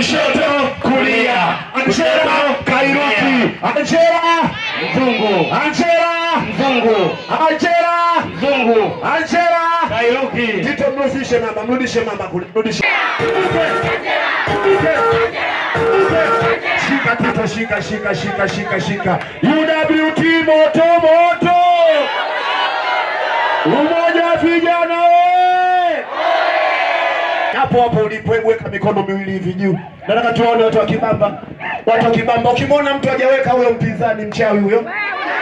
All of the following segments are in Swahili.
kushoto kulia, Angela Kairuki, Angela Mzungu, Angela Mzungu, Angela Mzungu, Angela Kairuki. Tito, mrudishe mama, mrudishe mama kule, mrudishe. Shika Tito, shika shika shika shika shika. UWT moto moto, umoja vijana hapo hapo ulipo, hebu weka mikono miwili hivi juu. Nataka tuone watu wa Kibamba, watu wa Kibamba. Ukimwona mtu hajaweka, huyo mpinzani, mchawi huyo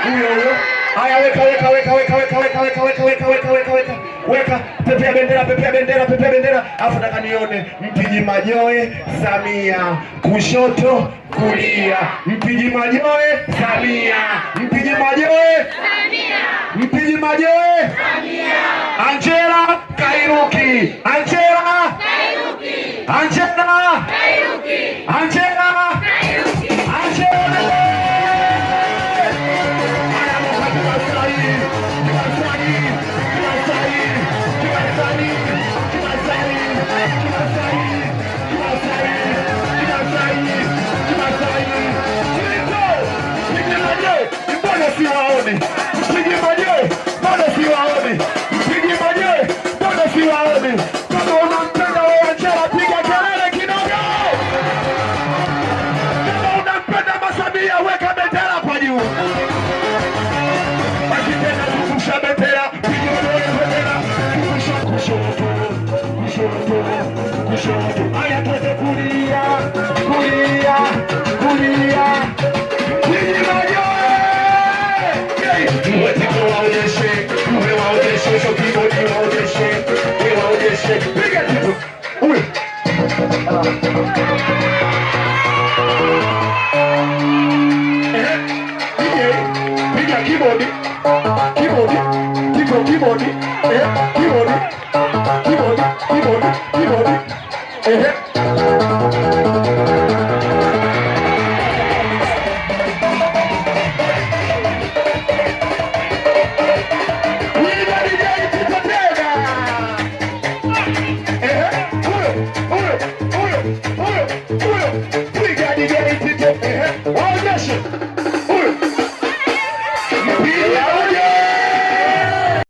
huyo huyo. Haya, weka weka weka weka weka weka weka weka weka weka weka weka weka, pepea bendera, pepea bendera, pepea bendera. Afu nataka nione mpiji majoe, Samia kushoto, kulia, mpiji majoe, Samia, mpiji majoe, Samia, mpiji majoe, Samia, Angela Kairuki, Angela Siwaone. Keep on it, keep on it, keep on it, keep on it, keep on it. Evet.